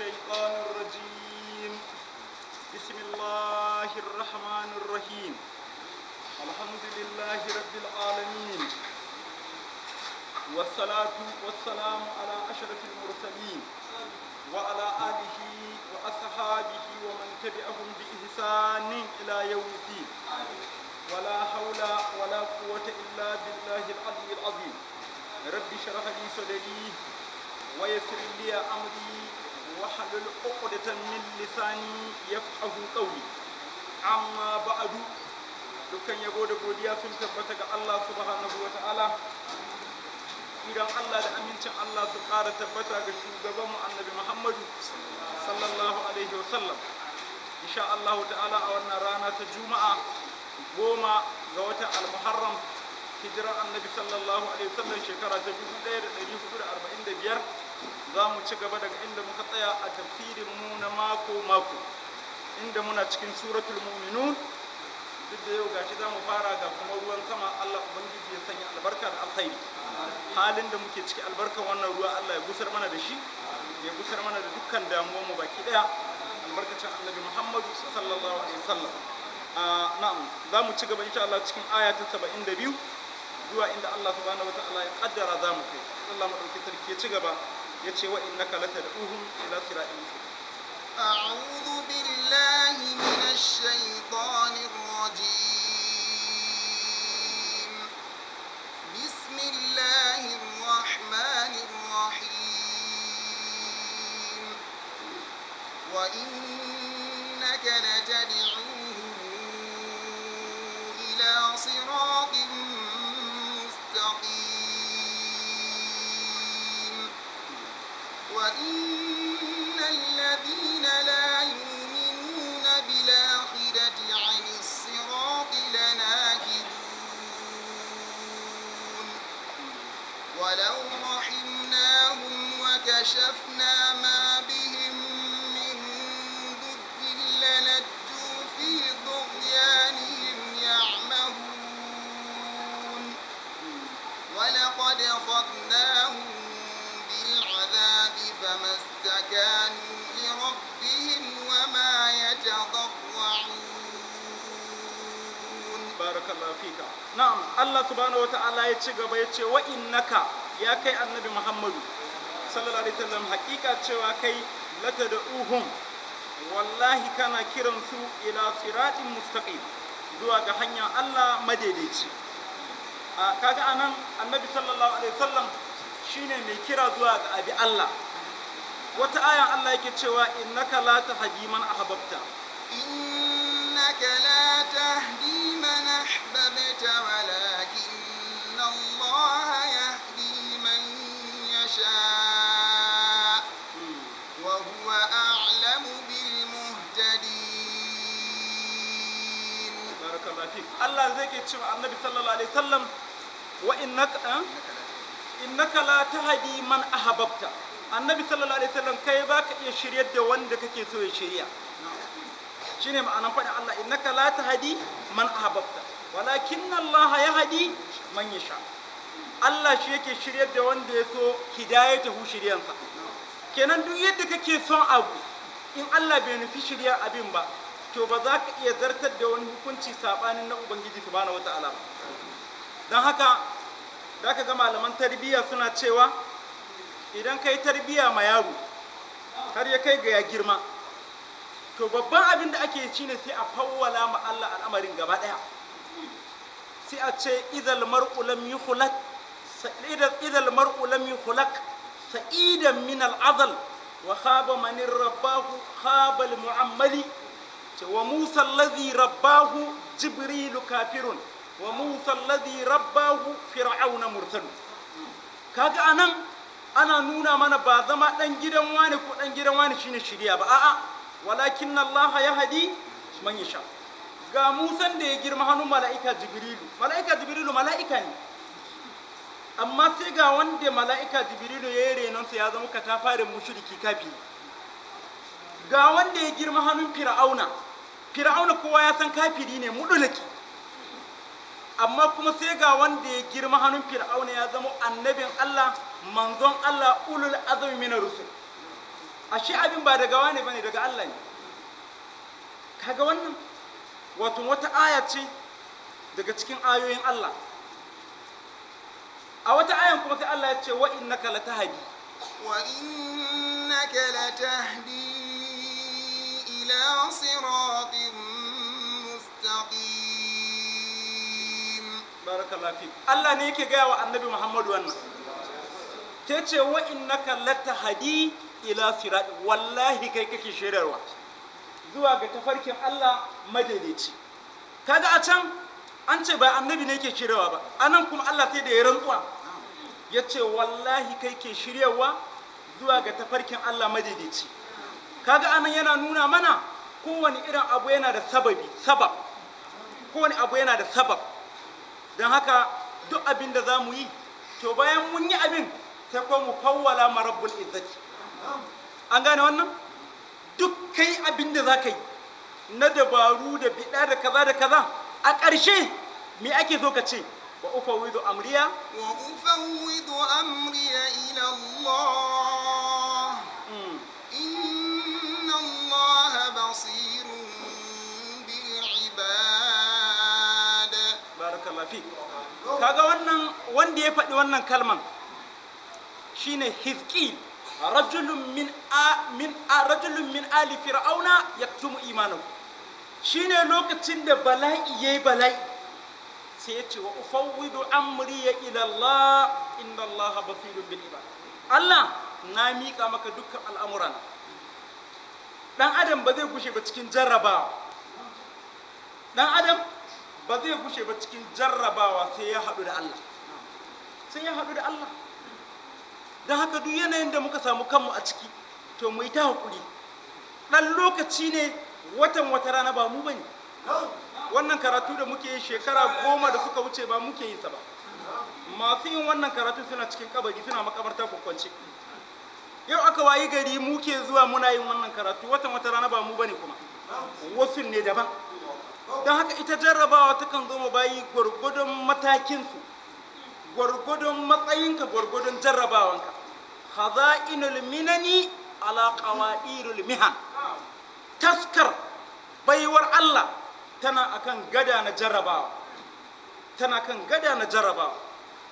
الشيطان الرجيم بسم الله الرحمن الرحيم الحمد لله رب العالمين والصلاة والسلام على أشرف المرسلين وعلى آله وأصحابه ومن تبعهم بإحسان إلى يوم الدين ولا حول ولا قوة إلا بالله العلي العظيم رب شرح لي صدري ويسر لي أمري واحلل عقدة من لساني يفقه قولي أما بعد dukkan yabo da godiya sun tabbata ga Allah subhanahu wa ta'ala idan Allah da amincin Allah su ƙara tabbata ga shugabanmu annabi Muhammadu sallallahu alaihi wa sallam insha Allah ta'ala a wannan rana ta juma'a goma ga watan al-muharram hijirar annabi sallallahu alaihi wa sallam shekara da biyar. za mu ci gaba daga inda muka tsaya a tafsirin mu na mako mako inda muna cikin suratul mu'minun duk da yau gashi za mu fara ga kuma ruwan sama Allah ubangiji ya sanya albarka da alkhairi halin da muke ciki albarkan wannan ruwa Allah ya gusar mana da shi ya gusar mana da dukkan damuwar mu baki daya albarkacin annabi Muhammadu sallallahu alaihi wasallam ah, na'am za mu ci gaba insha Allah cikin aya ta 72 zuwa inda Allah subhanahu wataala ya kaddara za mu kai Allah madauki sarki ya ci gaba يتشي وإنك لتدعوهم إلى صراط مستقيم أعوذ بالله من الشيطان الرجيم بسم الله الرحمن الرحيم وإن na'am Allah subhanahu wata'ala ya ci gaba ya ce wa innaka ya kai annabi Muhammadu sallallahu alaihi wasallam hakika cewa kai latad'uhum wallahi kana kiran su ila siratin mustaqim zuwa ga hanyar Allah madaidaici kaga anan annabi sallallahu alaihi wasallam shine mai kira zuwa ga abi Allah wata ayan Allah yake cewa innaka la tahdi man ahbabta innaka la tahdi hadisi Allah zai ke cewa annabi sallallahu alaihi wasallam wa innaka eh? innaka la tahdi man ahbabta annabi sallallahu alaihi wasallam kai ba ka iya shiryar da wanda kake so ya shirya shine ma'anan faɗin Allah innaka la tahdi man ahbabta walakin Allah yahdi man yasha Allah shi yake shiryar da wanda ya so ta hidayatahu shiryansa kenan duk yadda kake son abu in Allah bai nufi shirya abin ba to ba za ka iya zartar da wani hukunci saɓanin na ubangiji subhanahu wata ba don haka za ka ga malaman tarbiyya suna cewa idan ka yi tarbiyya ma yaro har ya kai ga ya girma to babban abin da ake shi ne sai a fawwala ma Allah al'amarin gaba ɗaya sai a ce idal mar'u lam yukhlaq idal mar'u lam yukhlaq sa'idan min al'azal wa khaba man rabbahu khaba al-mu'ammali ce wa musa alladhi rabbahu jibrilu kafirun wa musa alladhi rabbahu fir'auna murtad kaga anan ana nuna mana ba zama dan gidan wani ko dan gidan wani shine shirya ba a'a walakin Allah ya hadi man yasha ga musan da ya girma hannun mala'ika jibrilu mala'ika jibrilu mala'ika ne amma sai ga wanda mala'ika jibrilu ya yi sai ya zama katafarin mushriki kafi ga wanda ya girma hannun fir'auna fir'auna kowa ya san kafiri ne mudulaki amma kuma sai ga wanda ya girma hannun fir'auna ya zama annabin Allah manzon Allah ulul azumi min rusul shi abin ba daga wani bane daga Allah ne kaga wannan wato wata aya ce daga cikin ayoyin Allah a wata ayan kuma sai Allah ya ce wa innaka latahdi wa innaka latahdi إلى صراط مستقيم بارك الله annabi muhammad نيكي جاء النبي محمد وانا تيتشي وإنك لتهدي إلى صراط والله كي كي شرر zuwa ga tafarkin Allah madaidaici kaga a can an ce ba annabi ne ke shiryawa ba anan kuma Allah sai da ya rantsuwa ya ce wallahi kai ke shiryawa zuwa ga tafarkin Allah madaidaici kaga anan yana nuna mana kowani irin abu yana da sababi sabab kowane abu yana da sabab don haka duk abin da za mu yi to bayan mun yi abin sai kuma mu fawwala ma rabbul izzati an gane wannan duk kai abin da za ka yi na dabaru da biɗa da kaza da kaza a ƙarshe me ake so ka ce wa ufawwidu amriya wa ufawwidu amriya ila Allah kaga wannan wanda ya faɗi wannan kalman shine hizqil rajulun min a min a rajulun min ali fir'auna yaktumu imanahu shine lokacin da bala'i yayi bala'i sai ya ce wa ufawwidu amri ya ila Allah inna Allah basirun bil Allah na mika maka dukkan al'amuran dan adam ba zai gushe ba cikin jarrabawa dan adam ba zai gushe ba cikin jarrabawa sai ya haɗu da Allah sai ya haɗu da Allah don haka duk yanayin da muka samu kanmu a ciki to mu yi ta haƙuri ɗan lokaci ne watan wata rana ba mu ba ne wannan karatu da muke yi shekara goma da suka wuce ba muke yi sa ba masu yin wannan karatu suna cikin kabari suna makabarta kwakwance yau aka wayi gari muke zuwa muna yin wannan karatu watan wata rana ba mu bane kuma wasu ne daban don haka ita jarrabawa takan zo ma bayi gwargwadon matakinsu gwargwadon matsayinka gwargwadon jarrabawanka khaza'inul minani ala qawadirul mihan taskar baiwar Allah tana akan gada na jarrabawa tana kan gada na jarrabawa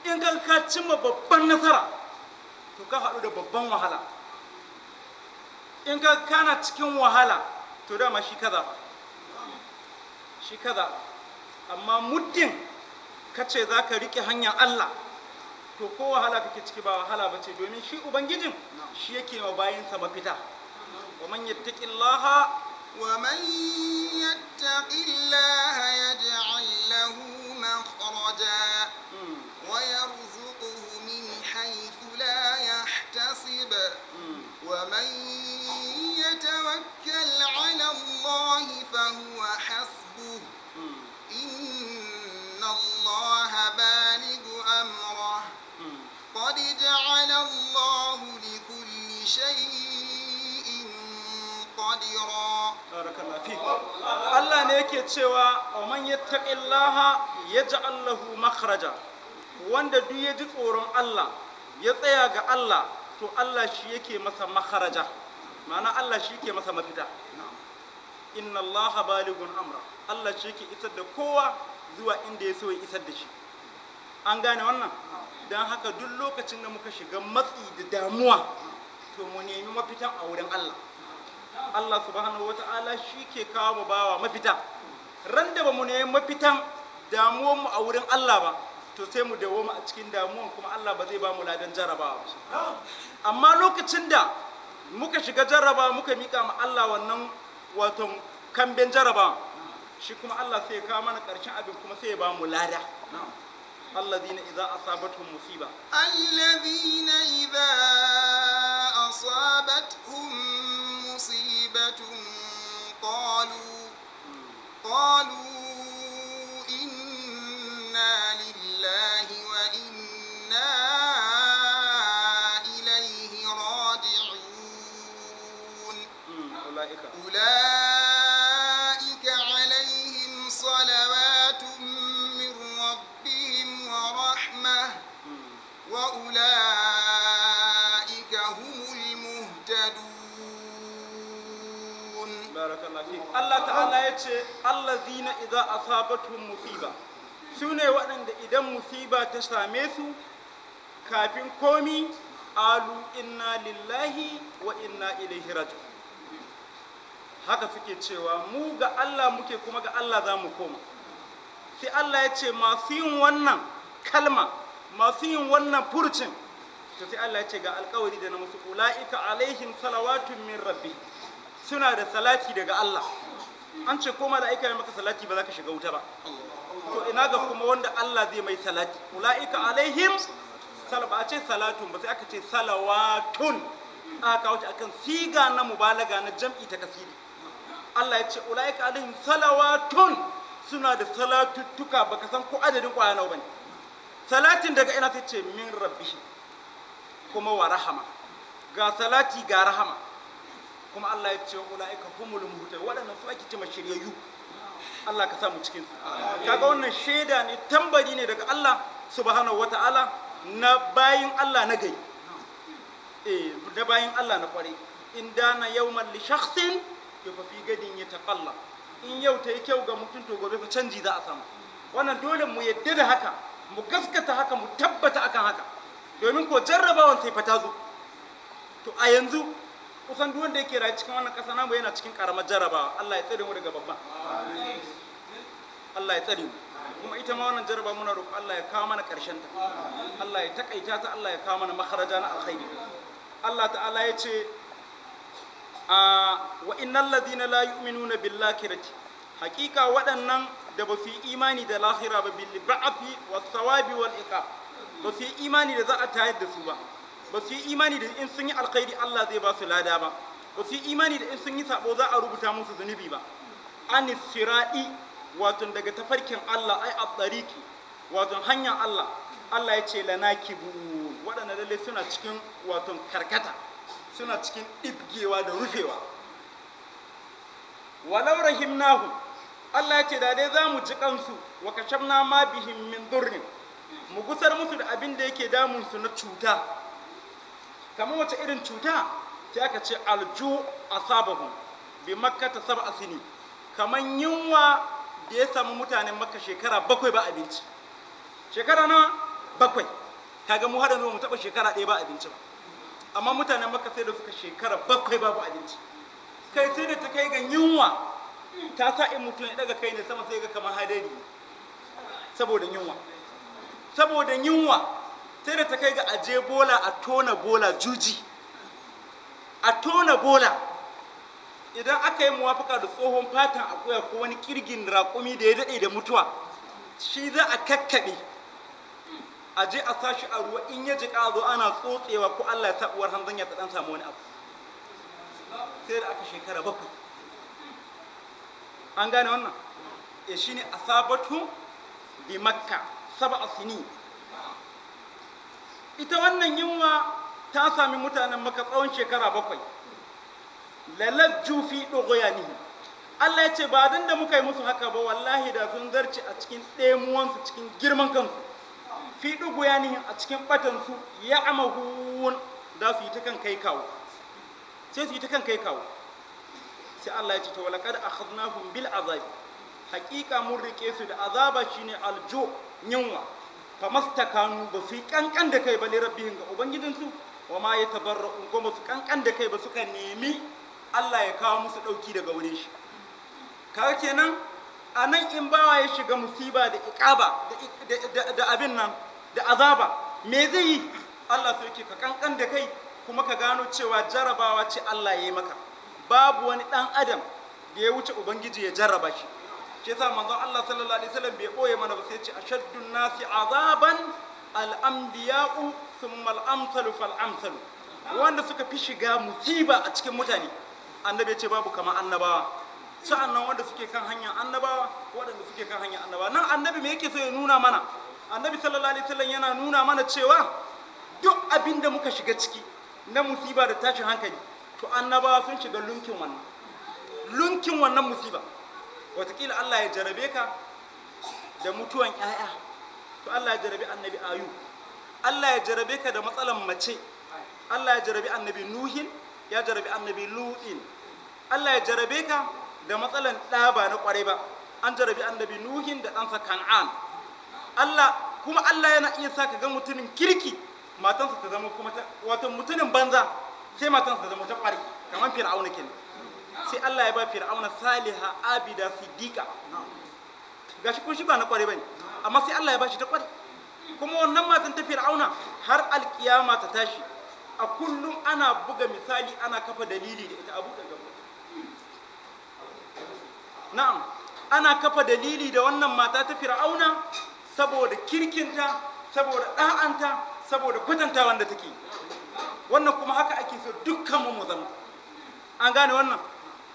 in kan ka cimma babban nasara to ka haɗu da babban wahala in ka kana cikin wahala to dama shi kaza shi kaza amma muddin ka ce za ka riƙe hanyar Allah to ko wahala kake ciki ba wahala ba ce domin shi ubangijin shi yake ma bayansa mafita wa man yattaqillaha wa man yattaqillaha yaj'al lahu makhraja hmm. wa yarzuquhu min haythu la yahtasib hmm. wa man yatawakkal 'ala Allah fa huwa شيء قدير بارك الله فيك الله ne yake cewa ومن يتق الله يجعل له wanda duk ya ji tsoron Allah ya tsaya ga Allah to Allah shi yake masa makhraja ma'ana Allah shi yake masa mafita inna Allah balighun amra Allah shi yake isar da kowa zuwa inda ya so ya isar da shi an gane wannan dan haka duk lokacin da muka shiga matsi da damuwa to mu nemi mafitan a wurin Allah Allah subhanahu wata'ala shi ke kawo mu bawa mafita ran da ba mu nemi mafitan damuwar mu a wurin Allah ba to sai mu dawo mu a cikin damuwan kuma Allah ba zai ba mu ladan jarabawa amma lokacin da muka shiga jaraba muka mika ma Allah wannan wato kamben jaraba shi kuma Allah sai ya kawo mana karshen abin kuma sai ya ba mu lada الذين إذا أصابتهم مصيبة الذين إذا أصابتهم مصيبة قالوا قالوا إنا لله وإنا إليه راجعون أمم، أولئك Allah ta'ala ya ce allazina idza asabatuhum musiba sune waɗanda idan musiba ta same su kafin komi alu inna lillahi wa inna ilaihi raji'un haka suke cewa mu ga Allah muke kuma ga Allah za mu koma sai Allah ya ce masu yin wannan kalma masu yin wannan furcin to sai Allah ya ce ga alkawari da na musu ula'ika alaihim salawatun min rabbi suna da salati daga Allah an ce ko mala'ika ya maka salati ba za ka shiga wuta ba to ina ga kuma wanda Allah zai mai salati ula'ika alaihim salba a ce salatun ba sai aka ce salawatun ka wuce akan siga na mubalaga na jam'i ta kasiri Allah ya ce ula'ika alaihim salawatun suna da salatuttuka baka san ko adadin kwaya nawa bane salatin daga ina sai ce min rabbihi kuma wa rahama ga salati ga rahama kuma Allah ya ce ulaika humul muhtadun waɗannan su ake cewa shiryayyu Allah ka samu cikin su kaga wannan shaida ne tambari ne daga Allah subhanahu wataala na bayin Allah na gai eh na bayin Allah na kware in na yawmal li shakhsin fi gadin ya taqalla in yau ta yi kyau ga mutum to gobe fa canji za a samu wannan dole mu yadda da haka mu gaskata haka mu tabbata akan haka domin ko jarrabawan sai fa ta zo to a yanzu kusan duk wanda yake rayu cikin wannan ƙasa namu yana cikin karamar jarabawa Allah ya tsare mu daga babban Allah ya tsare mu kuma ita ma wannan jaraba muna roƙo Allah ya kawo mana ƙarshen ta Allah ya takaita ta Allah ya kawo mana makharaja na alkhairi Allah ta'ala ya ce wa innal ladina la yu'minuna bil akhirati haqiqa waɗannan da ba fi imani da lahira ba bil ba'fi wa thawabi wal iqab ba fi imani da za a tayar da su ba ba su yi imani da in sun yi alkhairi Allah zai ba su lada ba ba su yi imani da in sun yi sabo za a rubuta musu zunubi ba anis sira'i wato daga tafarkin Allah ai abdariki wato hanyar Allah Allah ya ce kibu wadanda lalle suna cikin wato karkata suna cikin dibgewa da rufewa walau rahimnahu Allah ya ce da dai zamu ci ji kansu wa kashabna ma bihim min durrin mu gusar musu da abin da yake damun su na cuta kamar wace irin cuta sai aka ce alju asabahu bi makka ta saba asini kamar yunwa da ya samu mutanen makka shekara bakwai ba abinci shekara na bakwai kaga mu haɗa mu taɓa shekara ɗaya ba abinci amma mutanen makka sai da suka shekara bakwai babu abinci kai sai da ta kai ga yunwa ta sa in mutum ya daga kai ne sama sai ga kamar hadari saboda yunwa saboda yunwa sai da ta kai ga aje bola a tona bola juji a tona bola idan aka yi muwafaka da tsohon fatan akuya ko wani kirgin raƙumi da ya daɗe da mutuwa shi za a kakkaɓe a je a sashi a ruwa in ya jiƙa zo ana tsotsewa ko allah ya taɓuwar hanzan ya taɗan samu wani abu sai da aka shekara bakwai an gane wannan ya eh, shi ne a sabatu bi makka saba a sini ita wannan yunwa ta sami mutanen maka tsawon shekara bakwai jufi ɗogoya ne Allah ya ce ba don da muka yi musu haka ba wallahi da sun zarce a cikin ɗemuwansu cikin girman kansu fi ne a cikin batansu ya huwun da su yi ta kan kai kawo sai su yi ta kan kai kawo sai Allah ya ce ta to a akhadnahum bil azabi hakika mun rike su da azaba shine aljo yunwa kanu ba su yi kankan da kai ba ne rabbihin ga ubangijinsu wa ma ya tabarra kuma su kankan da kai ba suka nemi Allah ya kawo musu ɗauki daga wurin shi kawo kenan a nan in bawa ya shiga musiba da iƙaba da abin nan da azaba me zai yi Allah sai yake ka kankan da kai kuma ka gano cewa jarabawa ce Allah ya yi maka babu wani ɗan adam da ya wuce ubangiji ya jarraba shi shi yasa manzo Allah sallallahu alaihi wasallam bai boye mana ba sai ce ashaddun nasi azaban al-anbiya'u thumma al-amsalu fal-amsalu wanda suka fi shiga musiba a cikin mutane annabi ce babu kama annabawa sa'annan wanda suke kan hanyar annabawa waɗanda suke kan hanyar annabawa nan annabi me yake so ya nuna mana annabi sallallahu alaihi wasallam yana nuna mana cewa duk abin da muka shiga ciki na musiba da tashin hankali to annabawa sun shiga lunkin wannan lunkin wannan musiba watakila Allah ya jarabe ka da mutuwan 'ya'ya to Allah ya jarabe annabi ayu Allah ya jarabe ka da matsalan mace Allah ya jarabe annabi nuhin ya jarabe annabi lu'in Allah ya jarabe ka da matsalan ɗa ba na ƙware ba an jarabe annabi nuhin da ɗansa kan'an Allah kuma Allah yana iya sa ka ga mutumin kirki matansa ta zama kuma wata mutumin banza sai matansa ta zama ta ƙware kamar fir'auna kenan sai Allah ya ba fir'auna saliha abida siddiqa shi kun shi ba na kware bane amma sai Allah ya bashi ta kware kuma wannan matan ta fir'auna har alkiyama ta tashi a kullum ana buga misali ana kafa dalili da ita abu da na'am ana kafa dalili da wannan mata ta fir'auna saboda kirkinta saboda ɗa'anta saboda kwatanta wanda take wannan kuma haka ake so dukkan mu zama an gane wannan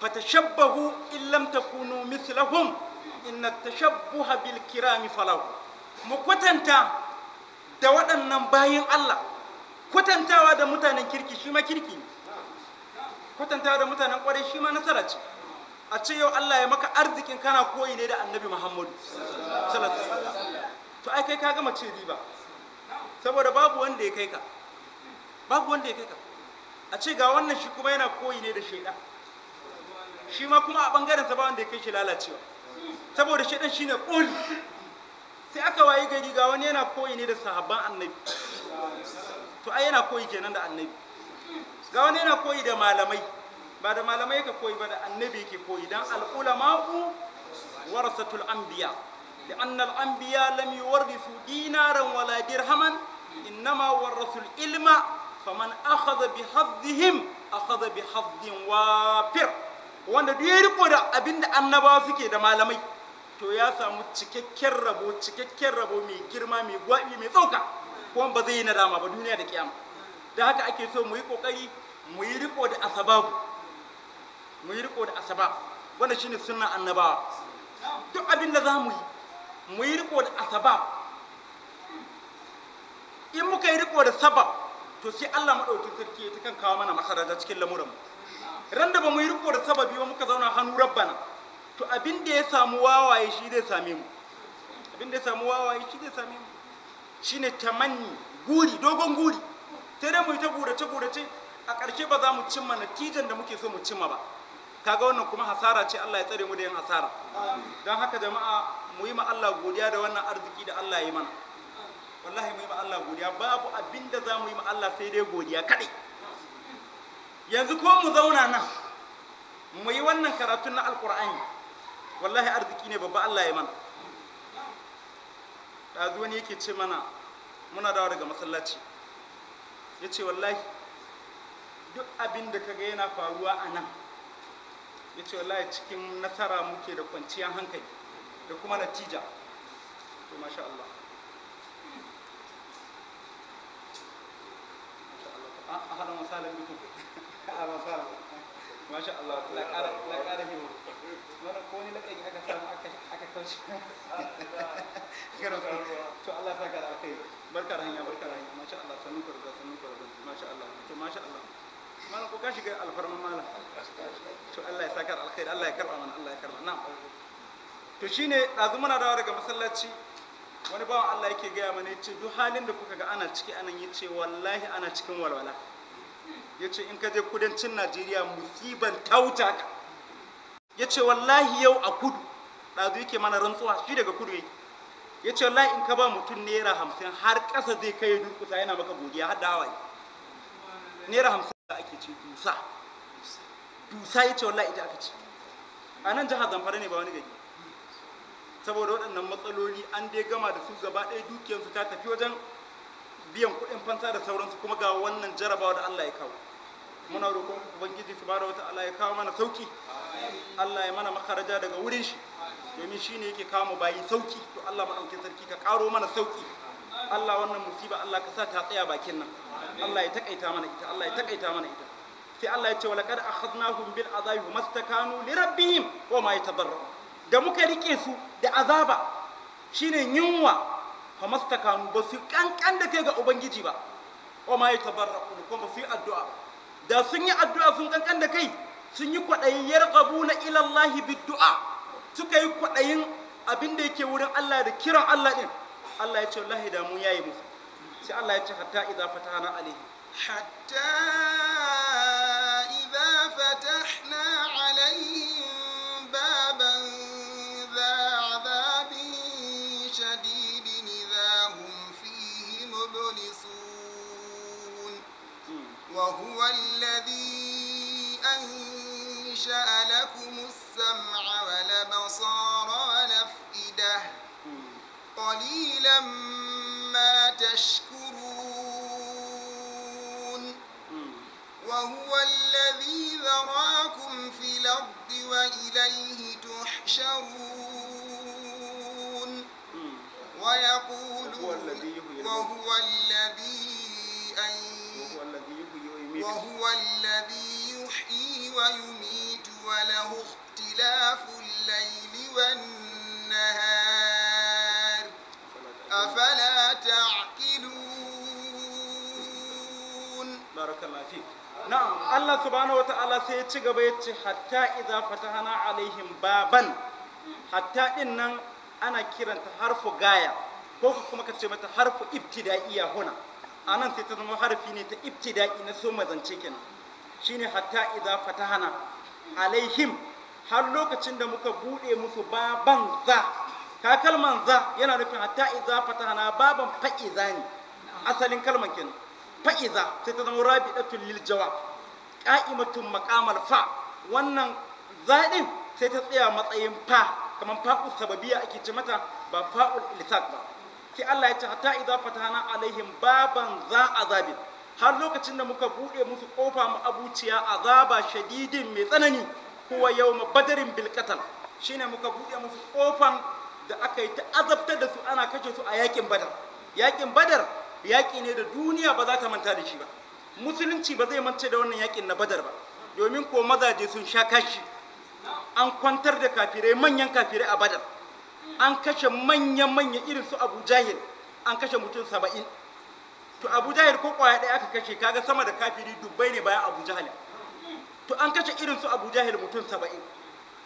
fatashabbahu in lam takunu mithlahum inna tashabbuha bil kirami falahu mu kwatanta da waɗannan bayin Allah kwatantawa da mutanen kirki shi ma kirki kwatantawa da mutanen kwarai shi ma nasara ce a ce yau Allah ya maka arzikin kana koyi ne da annabi Muhammadu to ai kai ka gama ce riba saboda babu wanda ya kai ka babu wanda ya kai ka a ce ga wannan shi kuma yana koyi ne da shaidan shi ma kuma a bangaren sa ba wanda ya kai shi lalacewa saboda shi dan shine kul sai aka wayi gari ga wani yana koyi ne da sahabban annabi to ai yana koyi kenan da annabi ga wani yana koyi da malamai ba da malamai ka koyi ba da annabi yake koyi dan al-ulama'u warasatul anbiya لأن الأنبياء لم يورثوا دينارا ولا درهما إنما ورثوا العلم فمن أخذ بحظهم bi بحظ wafir. wanda duk ya riko da abin da annabawa suke da malamai to ya samu cikakken rabo cikakken rabo mai girma mai gwaɓi mai tsauka kuma ba zai yi nadama ba duniya da kiyama da haka ake so mu yi kokari mu yi riko da asababu mu yi riko da asaba wanda shine sunnan annabawa duk abin da za mu yi mu yi riko da asaba in muka yi riko da sabab to sai Allah madaukakin sarki ya ta kan kawo mana da cikin lamuran mu Randa ba mu yi riko da sababi ba muka zauna hannu rabbana to abin da ya samu wawaye shi zai same mu abin da ya samu wawaye shi zai same mu shine tamanni guri dogon guri sai dai mu yi ta gurace gurace a ƙarshe ba za mu cimma natijan da muke so mu cimma ba kaga wannan kuma hasara ce Allah ya tsare mu da yin hasara don haka jama'a mu yi ma Allah godiya da wannan arziki da Allah ya yi mana wallahi mu yi ma Allah godiya babu abin da za mu yi ma Allah sai dai godiya kaɗai yanzu ko mu zauna nan mu yi wannan karatun na alkur'ani wallahi arziki ne babba allah ya mana ɗazu wani yake ce mana muna dawo daga masallaci ya ce wallahi duk abin da kaga yana faruwa a nan ya ce wallahi cikin nasara muke da kwanciyar hankali da kuma natija to masha Allah a halin misalin bikin aron saron masha Allah la ƙara la ƙara himo wani ko ni laƙari aka samu aka aka kauce karo to Allah saka da akai barkar hanya barkar hanya masha Allah sanu karza sanu karza masha Allah to masha Allah mana ko ka shiga alfarma malam to Allah ya saka alkhairi Allah ya karba mana Allah ya karba na'am to shine dazu muna dawo daga masallaci wani bawan Allah yake gaya mana yace duk halin da kuka ga ana ciki anan yace wallahi ana cikin walwala ya ce in ka je kudancin najeriya musiban tauta ka ya ce wallahi yau a kudu ɗazu yake mana rantsuwa shi daga kudu yake ya ce wallahi in ka ba mutum naira hamsin har ƙasa zai kai durkusa yana maka godiya har da hawaye naira hamsin da ake ce dusa dusa ya ce wallahi ita aka ce a nan jihar zamfara ne ba wani gari saboda waɗannan matsaloli an dai gama da su gaba ɗaya dukiyarsu ta tafi wajen biyan kuɗin fansa da sauransu kuma ga wannan jarabawa da Allah ya kawo muna roƙon ubangiji subhanahu wataala ya kawo mana sauki Allah ya mana makaraja daga wurin shi domin shi ne yake kawo mu bayi sauki to Allah madaukakin sarki ka karo mana sauki Allah wannan musiba Allah ka sa ta tsaya bakin nan Allah ya takaita mana ita Allah ya takaita mana ita sai Allah ya ce wa laqad akhadnahum bil azabi mastakanu li rabbihim wa ma yatadarru da muka rike su da azaba shine yunwa fa kanu ba su kankan da kai ga ubangiji ba wa ma yatabarraku ko ba su yi addu'a da sun yi addu'a sun kankan da kai sun yi kwaɗayin yarqabuna ila Allah biddu'a suka yi kwaɗayin abin da yake wurin Allah da kiran Allah din Allah ya ce wallahi da mu yayi musu sai Allah ya ce hatta idza fatana alaihi hatta وهو الذي أنشأ لكم السمع والأبصار والأفئدة قليلا ما تشكرون وهو الذي ذراكم في الأرض وإليه تحشرون ويقولون وهو الذي أنشأ وهو الذي يحيي ويميت وله اختلاف الليل والنهار أفلا تعقلون بارك الله فيك na'am Allah subhanahu wata'ala sai ya ci gaba ya ce hatta idza fatahana alaihim baban hatta din nan ana kiranta harfu gaya ko kuma ka ce mata harfu ibtida'iyya huna a nan sai ta zama harafi ne ta ibtida'i na so mazance kenan shine hatta idza fatahana alaihim har lokacin da muka buɗe musu baban za ka kalman za yana nufin hatta idza fatahana baban fa'iza ne asalin kalman kenan fa'iza sai ta zama rabi'atul lil jawab qa'imatun maqamal fa wannan zaɗin sai ta tsaya matsayin fa kamar fa'ul sababiyya ake ce mata ba fa'ul ilsaq ba sai Allah ya ce hatta idza fatahna alaihim baban za azabin har lokacin da muka bude musu kofa mu abuciya azaba shadidin mai tsanani huwa yawm badarin bil qatl shine muka bude musu kofan da aka yi ta azabta da su ana kashe su a yakin badar yakin badar yaki ne da duniya ba za ta manta da shi ba musulunci ba zai manta da wannan yakin na badar ba domin ko mazaje sun sha kashi an kwantar da kafirai manyan kafirai a badar an kashe manya-manya irin su abu jahil an kashe mutum saba'in to abu jahil ko kwaya ɗaya aka kashe kaga sama da kafiri dubbai ne bayan abu jahil to an kashe irin su abu jahil mutum saba'in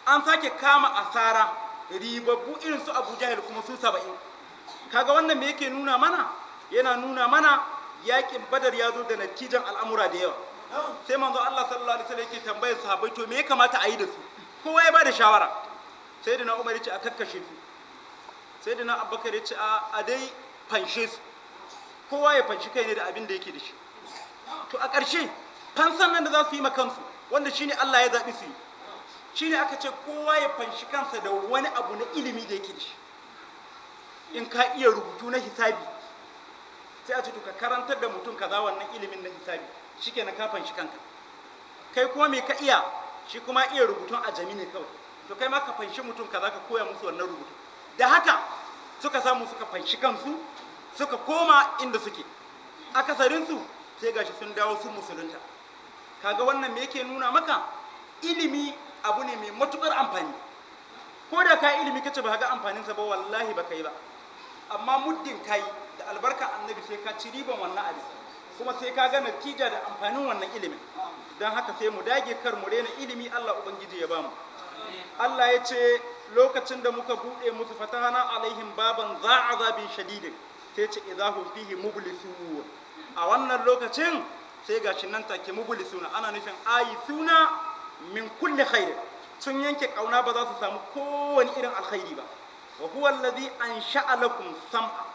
an sake kama asara ribabbu irin su abu jahil kuma su saba'in kaga wannan me yake nuna mana yana nuna mana yakin badar ya zo da natijan al'amura da yawa sai manzo Allah sallallahu alaihi wasallam yake tambayar sahabbai to me ya kamata a yi da su kowa ya ba da shawara sai da na umar ya ce a kakkashe su sai da na abubakar ya ce a dai fanshe su kowa ya fanshi kai ne da abin da yake da shi to a ƙarshe fansan nan da za su yi ma kansu wanda ne Allah ya zaɓi su yi ne aka ce kowa ya fanshi kansa da wani abu na ilimi da yake da shi in ka iya rubutu na hisabi sai a ce to ka karantar da mutum kaza wannan ilimin na hisabi shi ke na ka fanshi kanka kai kuma me ka iya shi kuma iya rubutun ajami ne kawai to kai ma ka fanshi mutum kaza ka koya musu wannan rubutun da haka suka samu suka fanshi kansu suka koma inda suke akasarinsu sai gashi sun dawo su musulunta kaga wannan me yake nuna maka ilimi abu ne mai matukar amfani ko da ka ilimi kace ba ga sa ba wallahi ba kai ba amma muddin kai da albarka annabi sai ka ci riban wannan abin kuma sai ka ga natija da amfanin wannan ilimi don haka sai mu dage kar mu rena ilimi Allah ubangiji ya bamu Allah ya ce lokacin da muka bude musu fatahana alaihim baban za azabin shadidin sai ce idahum fihi mublisun a wannan lokacin sai gashi nan take na ana nufin suna min kulli khair sun yanke kauna ba za su samu kowane irin alkhairi ba wa huwa allazi ansha'a lakum sam'a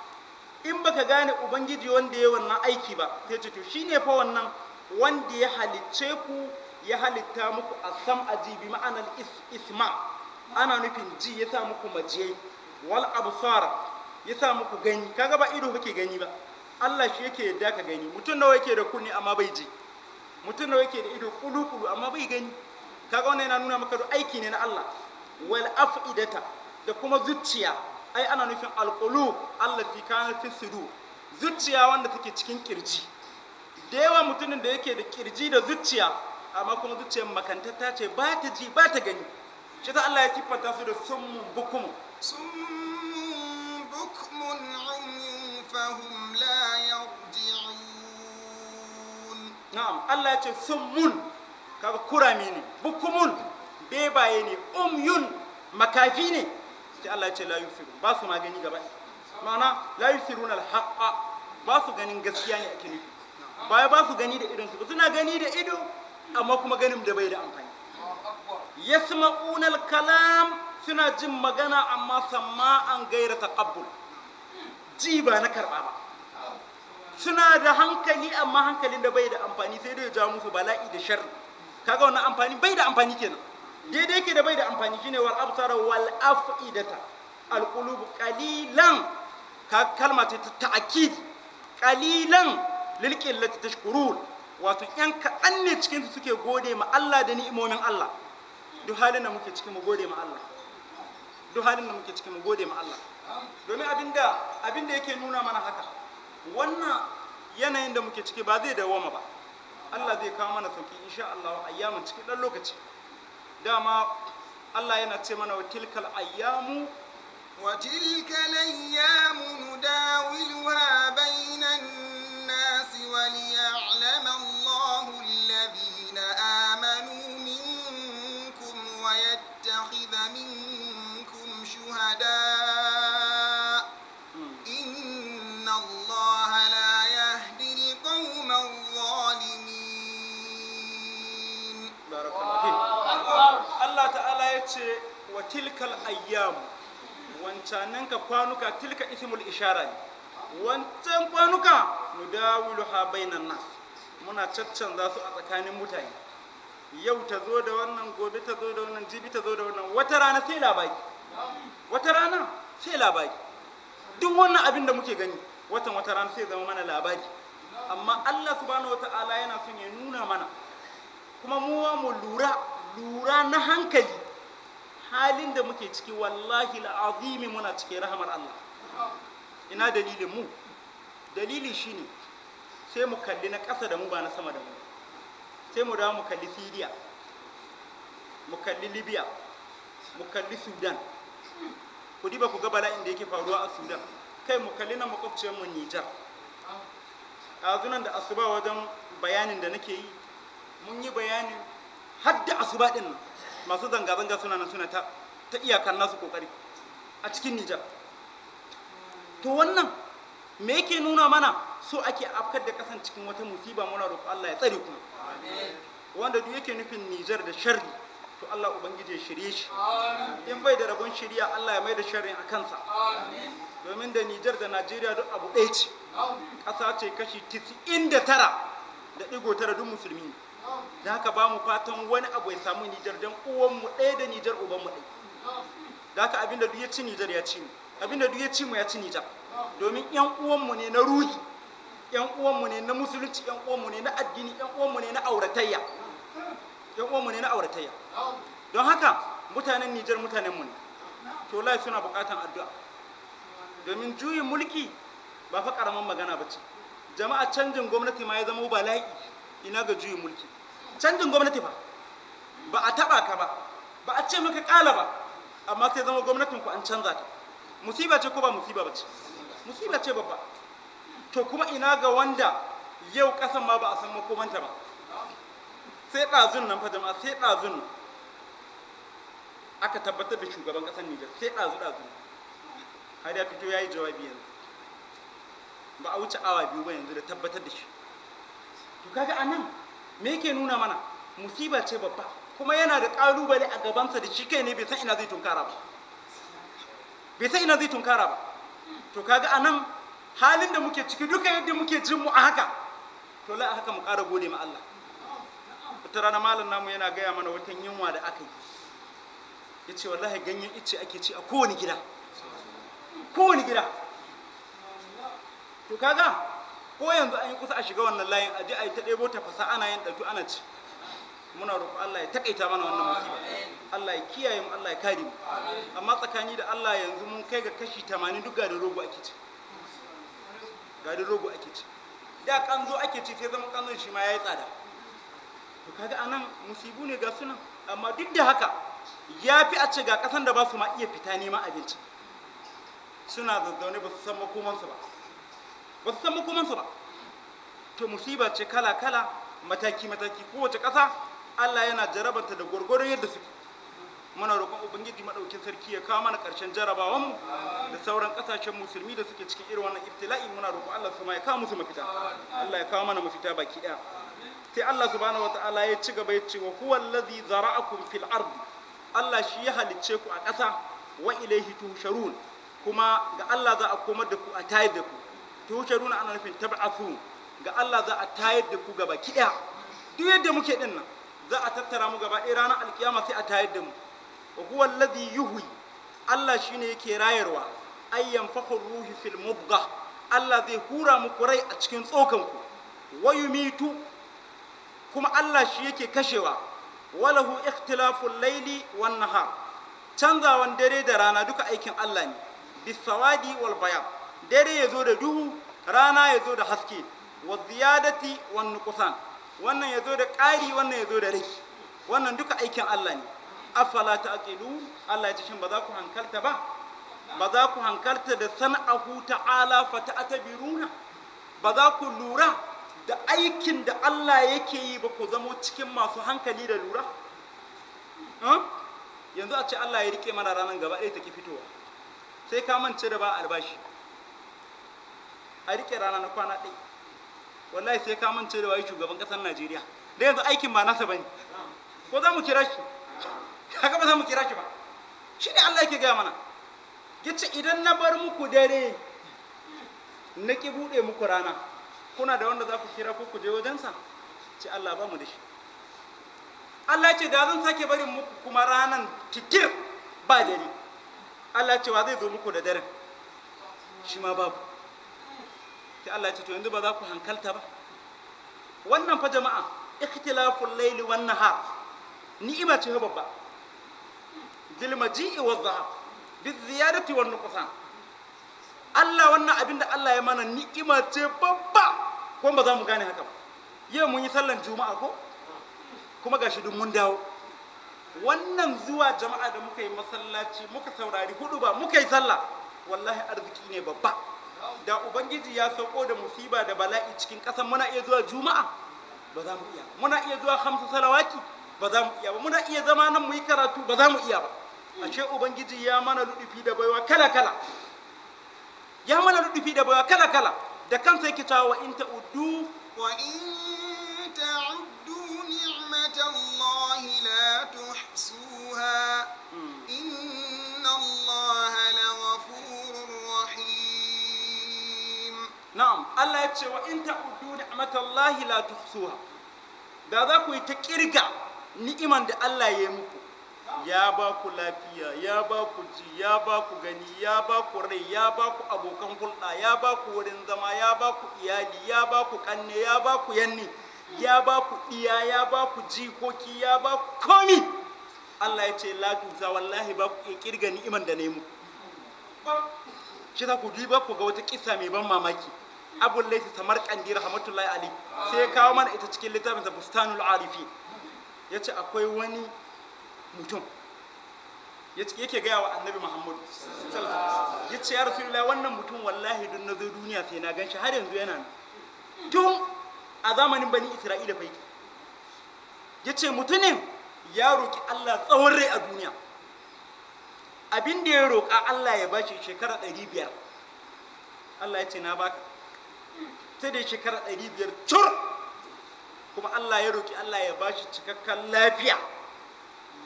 in baka gane ubangiji wanda ya wannan aiki ba sai ce to shine fa wannan wanda ya halicce ku ya halitta muku asam aji jibi ma'anar isma ana nufin ji ya sa muku majiyai wal absar ya sa muku gani kaga ba ido kake gani ba Allah shi yake yadda ka gani mutum nawa yake da kunni amma bai ji mutum nawa yake da ido kulu amma bai gani kaga wannan yana nuna maka aiki ne na Allah wal afidata da kuma zuciya ai ana nufin alqulub allati kanat fi sudur zuciya wanda take cikin kirji da yawa mutumin da yake da kirji da zuciya amma kuma zuciyar makantatta ce ba ta ji ba ta gani shi ta Allah ya kiffanta su da summun bukumun summun bukumun umyun fahum la yarji'un na'am Allah ya ce summun kaga kurami ne bukumun bebaye ne umyun makafi ne sai Allah ya ce la yusiru ba su magani gaba ma'ana la yusirun al-haqqa ba su ganin gaskiya ne a nufi baya ba su gani da idonsu ba suna gani da ido amma kuma ganin da bai da amfani yasma'una unal kalam suna jin magana amma an gaira taqabbul ji ba na karba ba suna da hankali amma hankalin da bai da amfani sai dai ya jawo musu bala'i da sharri kaga wannan amfani bai da amfani kenan daidai yake da bai da amfani shine wal absara wal afidata al qulub qalilan ka kalma ta ta'kid qalilan lil qillati tashkurun wato yan kaɗan ne cikin su suke gode ma Allah da ni'imomin Allah duk halin da muke ciki mu gode ma Allah duk halin da muke ciki mu gode ma Allah domin abinda abinda yake nuna mana haka wannan yanayin da muke ciki ba zai dawoma ba Allah zai kawo mana sauki insha Allah ayyamin cikin dan lokaci dama Allah yana ce mana wa tilkal ayyamu wa tilkal ayyamu nudawiluha bainan يتخذ منكم شهداء إن الله لا يهدي القوم الظالمين بارك الله فيك الله تعالى يتشي وتلك الأيام kwanuka tilka ismul ishara ne wancan kwanuka nudawiluha bainan su a tsakanin mutane yau ta zo da wannan gobe ta zo da wannan jibi ta zo da wannan wata rana sai labari wata rana sai labari duk wannan abin da muke gani watan wata rana sai zama mana labari amma Allah subhanahu wata'ala yana son ya nuna mana kuma mu wa mu lura lura na hankali halin da muke ciki wallahi al'azim muna cike rahmar Allah ina dalilin mu dalili shine sai mu kalli na ƙasa da mu ba na sama da mu sai mu dawo mu kalli syria mu kalli libya mu kalli sudan ku diba ku ga bala'in da yake faruwa a sudan kai mu kalli na makwabciyar mu nijar zunan da asuba wajen bayanin da nake yi mun yi bayanin har da asuba din masu zanga-zanga suna nan suna ta iyakar nasu kokari a cikin nijar to wannan me yake nuna mana so ake afkar da kasan cikin wata musiba muna roƙo Allah ya tsare ku. wanda duk yake nufin Nijar da sharri to Allah ubangiji ya shirye shi in bai da rabon shirya Allah ya mai da sharri a kansa domin da Nijar da Najeriya duk abu ɗaya ce ƙasa ce kashi 99 da ɗigo tara duk musulmi ne da haka ba mu fatan wani abu ya samu Nijar don uwanmu ɗaya da Nijar mu ɗaya da haka abinda duk ya ci Nijar ya ci mu abinda duk ya ci mu ya ci Nijar domin yan uwanmu ne na ruhi yan uwanmu ne na musulunci yan uwanmu ne na addini yan uwanmu ne na auratayya yan uwanmu ne na auratayya don haka mutanen Nijar mutanenmu ne to lai suna bukatan addu'a domin juyin mulki ba fa karaman magana ba ce jama'a canjin gwamnati ma ya zama bala'i ina ga juyin mulki canjin gwamnati ba ba a taba ka ba ba a ce maka kala ba amma sai zama gwamnatin ku an canza ta musiba ce ko ba musiba ba ce musiba ce babba to kuma ina ga wanda yau kasan ma ba a san makomanta ba sai ɗazun nan fa jama'a sai ɗazun aka tabbatar da shugaban kasan Nijar sai ɗazu ɗazu har ya fito ya yi jawabi yanzu ba a wuce awa biyu ba yanzu da tabbatar da shi to kaga anan me yake nuna mana musiba ce babba kuma yana da ƙalubale a gabansa da shi kai ne bai san ina zai tunkara ba bai san ina zai tunkara ba to kaga anan halin da muke ciki duka yadda muke jin mu a haka to la haka mu ƙara gode ma Allah wata rana malam namu yana gaya mana wata yunwa da aka yi ya ce wallahi ganyen ice ake ci a kowane gida kowane gida to kaga ko yanzu an yi kusa a shiga wannan layin a ji a yi ta ɗebo ta fasa ana yin ɗauki ana ci muna roƙon Allah ya takaita mana wannan musiba Allah ya kiyaye mu Allah ya kare mu amma tsakani da Allah yanzu mun kai ga kashi 80 duk gadin rogo ake ci gadin rogo ake ci da kanzo ake ci sai zama kanzo shi ma yayi tsada to kaga anan musibu ne ga sunan amma duk da haka ya fi a ce ga kasan da ba su ma iya fita neman abinci suna zazzaune ba su san makomansu ba ba su san makomansu ba to musiba ce kala-kala mataki-mataki kowace ƙasa Allah yana jarabanta da gwargwaron yadda su muna roƙon ubangiji madaukin sarki ya kawo mana ƙarshen jarabawanmu da sauran ƙasashen musulmi da suke cikin irin wannan ibtila'i muna roƙon Allah su ma ya kawo musu mafita Allah ya kawo mana mafita baki ɗaya sai Allah subhanahu wataala ya ci gaba ya ce wa huwa allazi zara'akum fil ard Allah shi ya halicce ku a ƙasa wa ilayhi tusharun kuma ga Allah za a komar da ku a tayar da ku tusharun ana nufin tab'athu ga Allah za a tayar da ku gaba ki duk yadda muke ɗin nan za a tattara mu gaba ɗaya ranar alkiyama sai a tayar da mu wa huwa alladhi yuhyi Allah shine yake rayarwa ayyan fakhur ruhi fil mubgha Allah zai hura muku rai a cikin tsokan ku wa yumitu kuma Allah shi yake kashewa walahu ikhtilaful layli wan nahar canzawan dare da rana duka aikin Allah ne bisawadi wal bayan dare yazo da duhu rana yazo da haske wa ziyadati wan nuqsan wannan ya zo da ƙari wannan ya zo da rai wannan duka aikin Allah ne afala ta aqilu Allah ya ce shin ba za ku hankalta ba ba za ku hankalta da san'ahu ta'ala fa ta'tabiruna ba za ku lura da aikin da Allah yake yi ba ku zamo cikin masu hankali da lura yanzu a ce Allah ya rike mana ranar gaba ɗaya take fitowa sai ka mance da ba albashi a rike rana na kwana ɗaya wallahi sai ka mance da waye shugaban kasar Najeriya da yanzu aikin ba nasa bane ko za mu kira shi kaga ba za mu kira shi ba shi ne Allah yake gaya mana yace idan na bar muku dare na ki bude muku rana kuna da wanda za ku kira ko ku je sa ce Allah ba mu da shi Allah ce da zan sake barin muku kuma ranan tikir ba dare Allah ce wa zai zo muku da daren shi ma babu sai Allah ya ce to yanzu ba za ku hankalta ba wannan fa jama'a ikhtilaful layli wan nahar ni'ima ce babba dil maji'i wa dhahab bi ziyadati wan nuqsan Allah wannan abin da Allah ya mana ni'ima ce babba ko ba za mu gane haka ba yau mun yi sallan juma'a ko kuma gashi duk mun dawo wannan zuwa jama'a da muka yi masallaci muka saurari hudu ba muka yi sallah wallahi arziki ne babba da ubangiji ya sauko da musiba da bala'i cikin ƙasar muna iya zuwa juma'a ba za mu iya muna iya zuwa hamsu salawaki ba za mu iya ba muna iya zama nan mu yi karatu ba za mu iya ba ashe ubangiji ya mana ludufi da baiwa kala kala ya mana ludufi da baiwa kala kala da kansa yake cewa wa in ta'uddu wa in ta'uddu ni'matallahi la tuhsuha hmm. in ce wa in ta'uddu ni'matallahi la tuhsuha da za ku yi ta kirga ni'iman da Allah ya yi muku ya ba ku lafiya ya ba ku ji ya ba ku gani ya ba ku rai ya ba ku abokan hulɗa ya ba ku wurin zama ya ba ku iyali ya ba ku kanne ya ba ku yanni ya ba ku iya ya ba ku jikoki ya ba ku komi Allah ya ce la tuza wallahi ba ku yi kirga ni'iman da ne mu shi za ku duba ku ga wata kisa mai ban mamaki abul layth samarqandi rahmatullahi ali sai ya kawo mana ita cikin littafin bustanul arifi yace akwai wani mutum yace yake gaya wa annabi muhammad yace ya rasulullahi wannan mutum wallahi dun nazo duniya sai na ganshi har yanzu yana tun a zamanin bani isra'ila fa yace mutumin ya roki Allah tsawon rai a duniya abin da ya roƙa Allah ya bashi shekara 500 Allah ya ce na baka ta da shekara ɗari biyar tur, kuma Allah ya roƙi Allah ya ba shi cikakken lafiya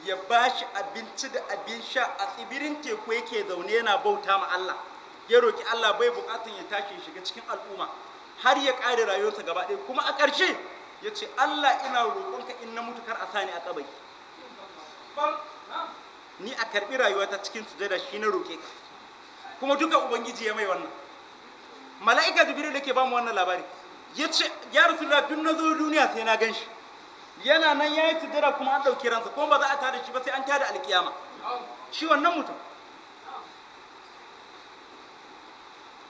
ya ba shi abinci da abin sha a tsibirin teku yake zaune yana bauta ma Allah ya roƙi Allah bai buƙatun ya tashi ya shiga cikin al'umma har ya ƙare rayuwarsa gaba ɗaya kuma a ƙarshe ya ce Allah ina roƙonka in na mutu kar a sani a ƙabai ni a karɓi rayuwata cikin sujada shi na roƙe ka kuma duka ubangiji ya mai wannan mala'ika jibril ke ba mu wannan labari ya ce ya rasu da duk na zo duniya sai na gan shi yana nan ya yi tudura kuma an ɗauki ransa kuma ba za a tada shi ba sai an tada alkiyama shi wannan mutum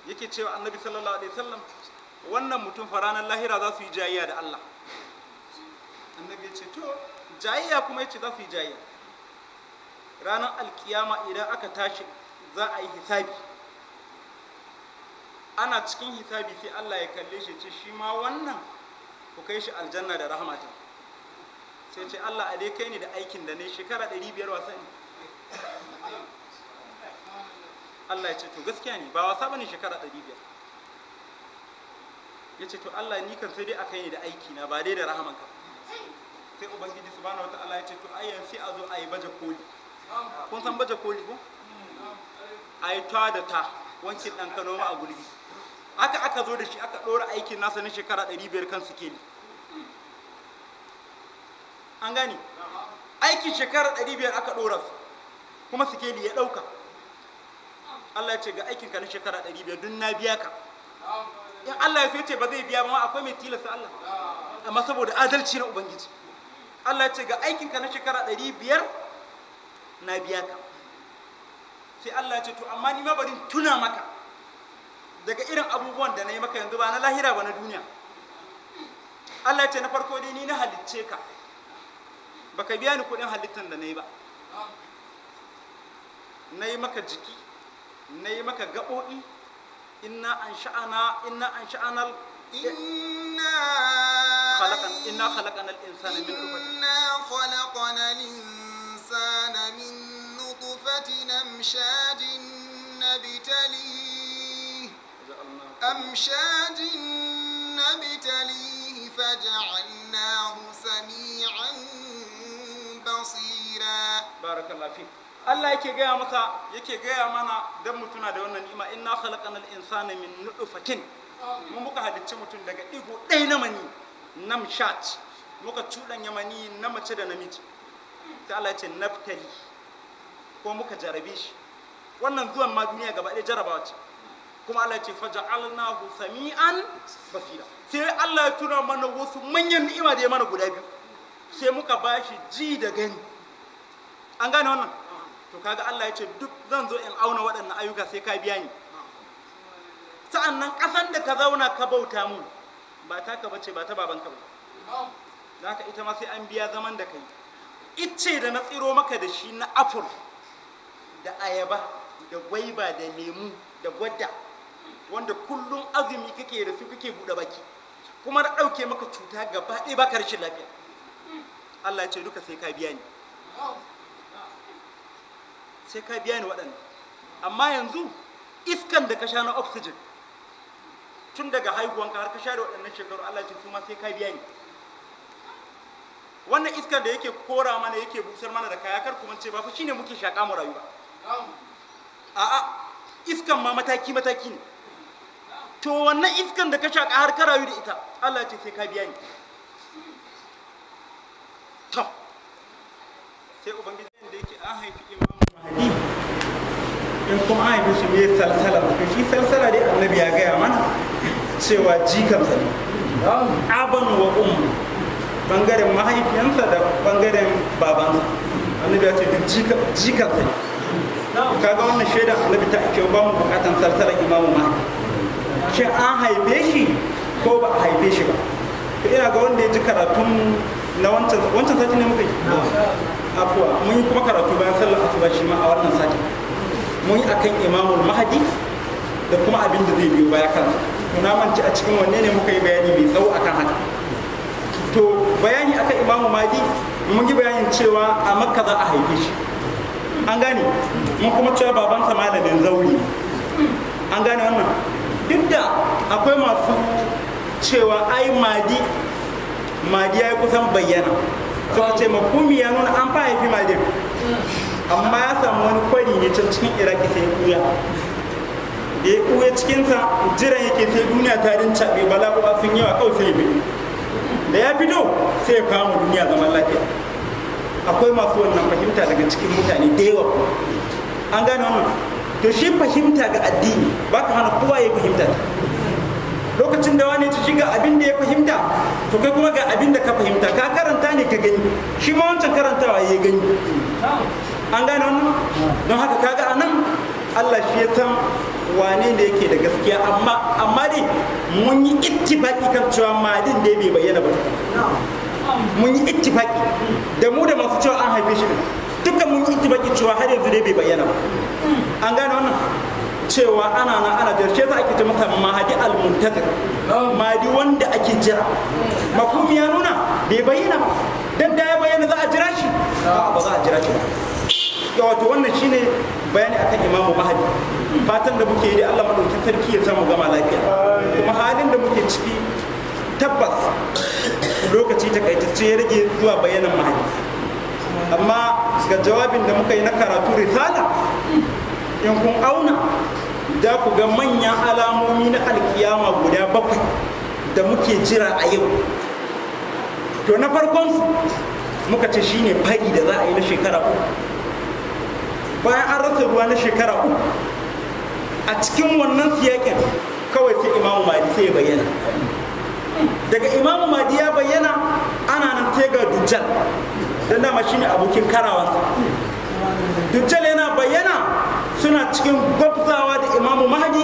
yake cewa annabi sallallahu alaihi wasallam wannan mutum faranan lahira za su yi jayayya da Allah annabi ya ce to jayayya kuma ya ce za su yi jayayya ranar alkiyama idan aka tashi za a yi hisabi ana cikin hisabi sai Allah ya kalle shi ce shi ma wannan ku kai shi aljanna da rahmata sai ce Allah a dai kai ni da aikin da ne shekara 500 wasa ne Allah ya ce to gaskiya ne ba wasa bane shekara 500 ya ce to Allah ni kan sai dai a kai ni da aiki na ba dai da rahaman ka, sai ubangiji subhanahu wataala ya ce to ayyan sai a zo a yi baje koli kun san baje koli ko a yi ta da ta wankin ɗan kanoma a gurbi. haka aka zo da shi aka ɗora aikin nasa na shekara 500 kan sikeli an gani aikin shekara 500 aka ɗora su kuma sikeli ya ɗauka Allah ya ce ga aikinka na shekara 500 dun na biya ka in Allah ya so ce ba zai biya ba akwai mai tilasta Allah amma saboda adalci na ubangiji Allah ya ce ga aikinka na shekara 500 na biya ka sai Allah ya ce to amma ni ma bari tuna maka daga irin abubuwan da na yi maka yanzu ba na lahira ba na duniya Allah ya ce na farko dai ni na halicce ka baka biya ni kudin halittan da na yi ba na yi maka jiki na yi maka gaɓoɓi inna an sha'ana inna an sha'anar inna خلقنا إنا خلقنا الإنسان من نطفة إنا خلقنا الإنسان من نطفة أمشاج نبتليه أمشاج نبتليه فجعلناه سميعا basira barakallahu Allah yake gaya maka yake gaya mana dan mutuna da wannan ni'ima inna al insana min nutfatin mun muka halicci mutum daga digo ɗaya na mani namshat muka cuɗanya mani na mace da namiji sai Allah ya naftali ko muka jarabe shi wannan zuwan ma duniya gaba ɗaya jarabawa ce kuma Allah ce faja'alnahu sami'an basira sai Allah ya tuna mana wasu manyan ni'ima da ya mana guda biyu sai muka bashi ji da gani an gane wannan to kaga Allah ya ce duk zan zo in auna waɗannan ayyuka sai ka biya ni sa'annan kasan da ka zauna ka bauta mu ba ta ka bace ba ta babanka ba za ita ma sai an biya zaman da kai icce da na tsiro maka da shi na afur da ayaba da gwaiba da lemu da gwadda wanda kullum azumi kake da su kake buɗe baki kuma na ɗauke maka cuta gaba ɗaya baka rashin lafiya Allah ya ce duka sai ka biya ni sai ka biya ni waɗannan amma yanzu iskan da ka sha na oxygen tun daga haihuwanka har ka sha da waɗannan shekaru Allah ce su ma sai ka biya ni wannan iskar da yake kora mana yake busar mana da kaya kar kuma ce ba fa shine muke shaka mu rayuwa a'a iskan ma mataki mataki ne to wannan iskan da ka shaƙa har ka rayu da ita Allah ce sai ka biya ni to sai ubangiji da yake an haifi imamu mahdi in kuma an haifi su ne salsala to shi salsala dai annabi ya gaya mana cewa jikan sa aban wa ummu bangaren mahaifiyansa da bangaren babansa annabi ya ce duk jikan sa ne kaga wannan shaidan annabi ta ake ba mu bukatan salsalar imamu mahdi shin an haife shi ko ba a haife shi ba ina ga wanda ya ji karatun na wancan wancan sati ne muka yi afuwa mun yi kuma karatu bayan sallar asuba shi ma a wannan sati mun yi akan imamul mahadi da kuma abin da zai biyo baya kansa na manci a cikin wanne ne muka yi bayani mai tsawo akan haka to bayani akan imamul mahadi mun yi bayanin cewa a makka za a haife shi an gane mun kuma cewa babansa malamin zauri an gane wannan duk da akwai masu cewa ai madi madi ya yi kusan bayyana to a ce makumi ya nuna an fa haifi madi amma ya samu wani kwari ne can cikin iraki sai kuya da ya kuya cikinsa jiran yake sai duniya ta rincaɓe bala'uwa sun yawa kawai sai biyu da ya fito sai ya kama duniya zaman lafiya akwai masu wannan fahimta daga cikin mutane da yawa an gane wannan to shi fahimta ga addini ba ka hana kowa ya fahimta lokacin da wani ta shiga abin da ya fahimta to kai kuma ga abin da ka fahimta ka karanta ne ka gani shi ma wancan karantawa ya gani an gane wannan don haka kaga a nan allah shi ya san wane ne yake da gaskiya amma amma dai mun yi ittifaki kan cewa madin da bai bayyana ba mun yi ittifaki da mu da masu cewa an haife shi duka mun yi ki cewa har yanzu dai bai bayyana ba an gane wannan cewa ana na ana da ke za ke ta mata mahadi almuntazir mahadi wanda ake jira makumi ya nuna bai bayyana ba dan da ya bayyana za a jira shi ba za a jira shi ba wato wannan shine bayani akan imamu mahadi fatan da muke yi da Allah madaukakin sarki ya samu gama lafiya kuma halin da muke ciki tabbas lokaci ta takaitacce ya rage zuwa bayanan mahadi amma ga jawabin da muka yi na karatu risala in kun auna da ku ga manyan alamomi na alkiyama guda bakwai da muke jira a yau to na farkon su muka ce shine fari da za a yi na shekara uku bayan an rasa ruwa na shekara uku a cikin wannan siyakin kawai sai imamu madi sai ya bayyana daga imamu madi ya bayyana ana nan sai ga dujjal don dama ne abokin karawansa dujjal yana bayyana suna cikin gwabzawa da imamu mahadi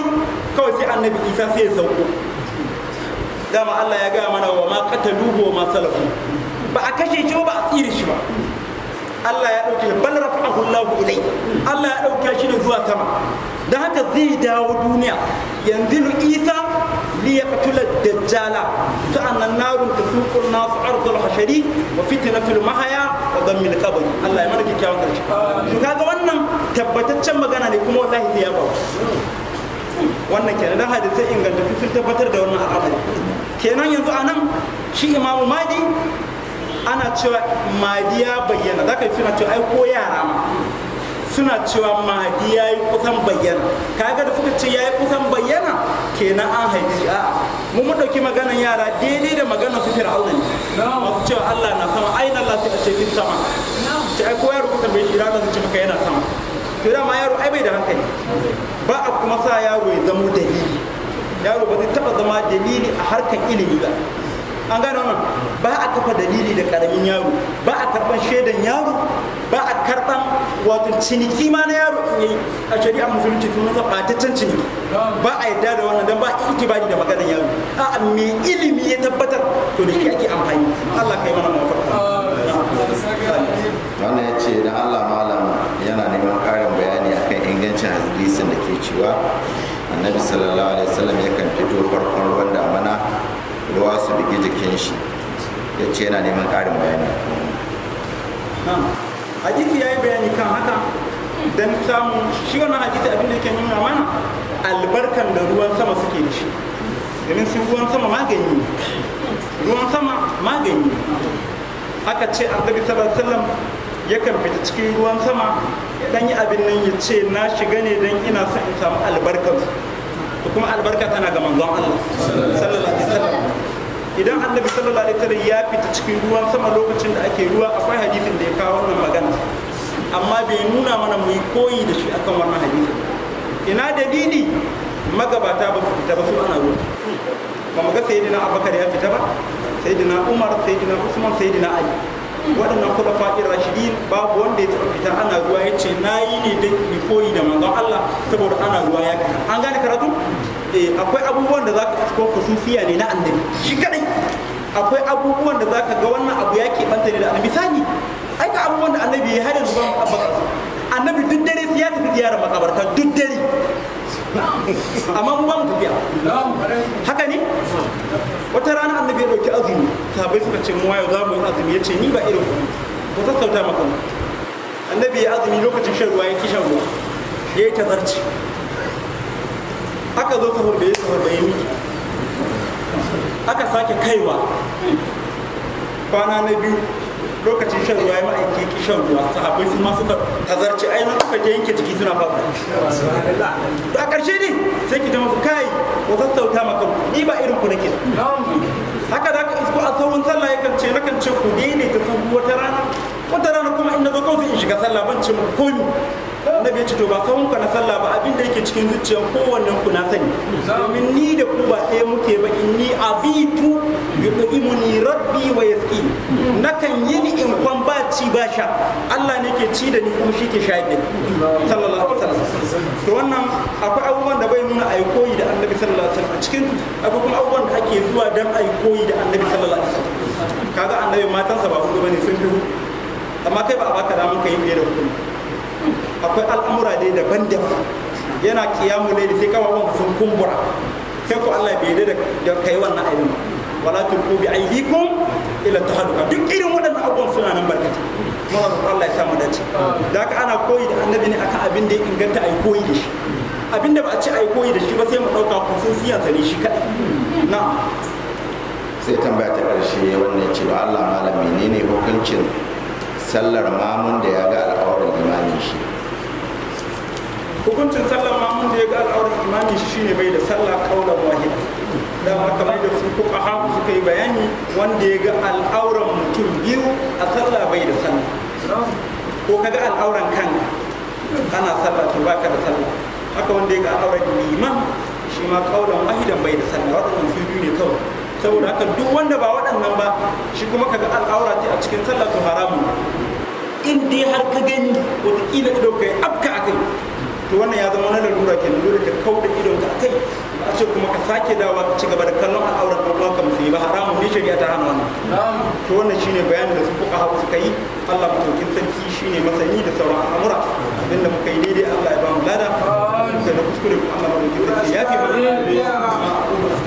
kawai sai annabi isa sai ya sauko dama allah ya gaya mana wa ma qataluhu wa ma salafu ba a kashe shi ba a tsiri shi ba Allah ya ɗauke bal rafa'ahu Allahu ilai Allah ya ɗauke shi ne zuwa sama don haka zai dawo duniya yanzu Isa ليقتل الدجال كأن النار تسوق الناس عرض الحشري وفتنة المحيا وضم القبر الله يمنك كيوم كرش شكاك وانا تبتتشم مغانا لكم والله wannan kenan hadisi inganta sun tabbatar da wannan al'amari kenan yanzu anan shi imamu madi ana cewa madi ya bayyana zaka yi suna ai ko yara suna cewa mahadi ya yi kusan bayyana kaga da suka ce ya yi kusan bayyana kenan an haifi a mu mu dauki maganan yara daidai da maganar su fir'auna ne masu cewa allah na sama aina allah sai a ce sama ce ai ko yaro kuka bai shi ranar su ce maka yana sama to dama yaro ai bai da hankali ba a kuma sa yaro ya zama dalili yaro ba zai taba zama dalili a harkar ilimi ba an gane wannan ba a kafa dalili da karamin yaro ba a karban shaidan yaro ba a karban wato ciniki ma na yaro in yi a shari'a musulunci tun a ɓataccen ciniki ba a yadda da wannan don ba a bani da maganar yaro a me ilimi ya tabbatar to da ke ake amfani Allah kai mana mafarka wannan ya ce da Allah malam yana neman ƙarin bayani akan ingancin hadisin da ke cewa annabi sallallahu alaihi wasallam kan fito farkon ruwan damana ruwa su bigi jikin shi ya ce yana neman ƙarin bayani hadisi ya yi bayani kan haka dan samu shi wannan hadisi abin da yake nuna mana albarkan da ruwan sama suke da shi domin sun ruwan sama magani ruwan sama magani haka ce annabi sallallahu alaihi wasallam yakan fita cikin ruwan sama dan yi abin nan ya ce na shiga ne dan ina son in samu albarkan kuma albarka tana ga manzon Allah sallallahu alaihi wasallam idan annabi sallallahu alaihi wasallam ya fita cikin ruwa sama lokacin da ake ruwa akwai hadisin da ya kawo wannan magana amma bai nuna mana mu yi koyi da shi akan wannan hadisin ina da didi magabata ba fita ba su ana ruwa ba mu ga sayyidina abubakar ya fita ba sayyidina umar sayyidina usman sayyidina ali waɗannan kuma fa'ir rashidin babu wanda ya taɓa fita ana ruwa ya ce na yi ne don koyi da manzon allah saboda ana ruwa ya fita an gane karatu Eh, akwai abubuwan da za ka ko khususiya ne na annabi shi kadai akwai abubuwan da za ka ga wannan abu ya keɓanta ne da annabi misali ai ga abubuwan da annabi ya hada zuwa ba annabi duk dare sai ya tafi ziyarar makabarta duk dare amma mu ba mu tafiya haka ne wata rana annabi ya dauki azumi sabai suka ce mu wayo za mu yi azumi ya ce ni ba irin ko sassauta maka annabi ya azumi lokacin shan ruwa ya ki shan ruwa ya yi tazarci aka zo kamar da ya sahur da yi haka aka sake kaiwa kwana na biyu lokacin shan ruwa ya ma'aiki ki shan ruwa sahabbai su ma suka tazarci ai mun suka yanke jiki suna fafa da karshe ne sai ki dama kai ko sassauta maka ni ba irin ku nake haka da ka isko a sauran sallah yakan ce nakan ce ku ta sahu wata rana wata rana kuma in na zo kawai in shiga sallah ban ce mu komi na ya cito ba kawun ka na sallah ba abin da yake cikin zuciyar kowannen ku na sani domin ni da ku ba ɗaya muke ba inni abitu imuni rabbi wa yasqi kan yi ni in kwan ba ci ba sha Allah ne ke ci da ni kuma shi ke shaƙi sallallahu alaihi wasallam to wannan akwai abubuwan da bai nuna yi koyi da annabi sallallahu alaihi wasallam a cikin akwai kuma abubuwan da ake zuwa dan yi koyi da annabi sallallahu alaihi wasallam kaga annabi matansa ba hudu bane sun fi amma kai ba a baka damar ka yi fiye da hudu akwai al'amura dai daban-daban yana kiyamu ne da sai kawawan sun kumbura sai ko Allah bai da da kai wannan abin wala tulku bi aydikum ila tahaduka duk irin waɗannan abubuwan suna nan barkata muna roƙon Allah ya samu dace da haka ana koyi da annabi ne akan abin da ya inganta ai koyi da shi abin da ba a ce ai koyi da shi ba sai mu ɗauka kususiyan sa ne shi kadai na sai tambaya ta ƙarshe wannan cewa Allah ne ne hukuncin sallar mamun da ya ga al'aurar limamin shi hukuncin sallar ma mun da ya ga al'aurar imani shi ne bai da sallah kaulan wahid da kamar da su kuka haku suka yi bayani wanda ya ga al'auran mutum biyu a sallah bai da sallah ko ka ga al'auran kan kana sallah to baka da sallah haka wanda ya ga al'auran liman shi ma kaulan wahidan bai da sallah waɗannan su biyu ne kawai saboda haka duk wanda ba waɗannan ba shi kuma kaga al'aura ce a cikin sallah to haramun in dai har ka gani wataƙila ka ɗauka ya afka a kai to wannan ya zama na lalura ke dole ka kau da idon ka kai a ce kuma ka sake dawa ka ci gaba da kallon al'aurar ka uwanka yi ba haramun ne shari'a ta hana wannan to wannan shine bayani da su fuka hawa suka yi Allah mutokin sarki shine masani da sauran al'amura abin da muka yi daidai Allah ya ba mu lada da na kuskure Allah mutokin sarki ya fi mana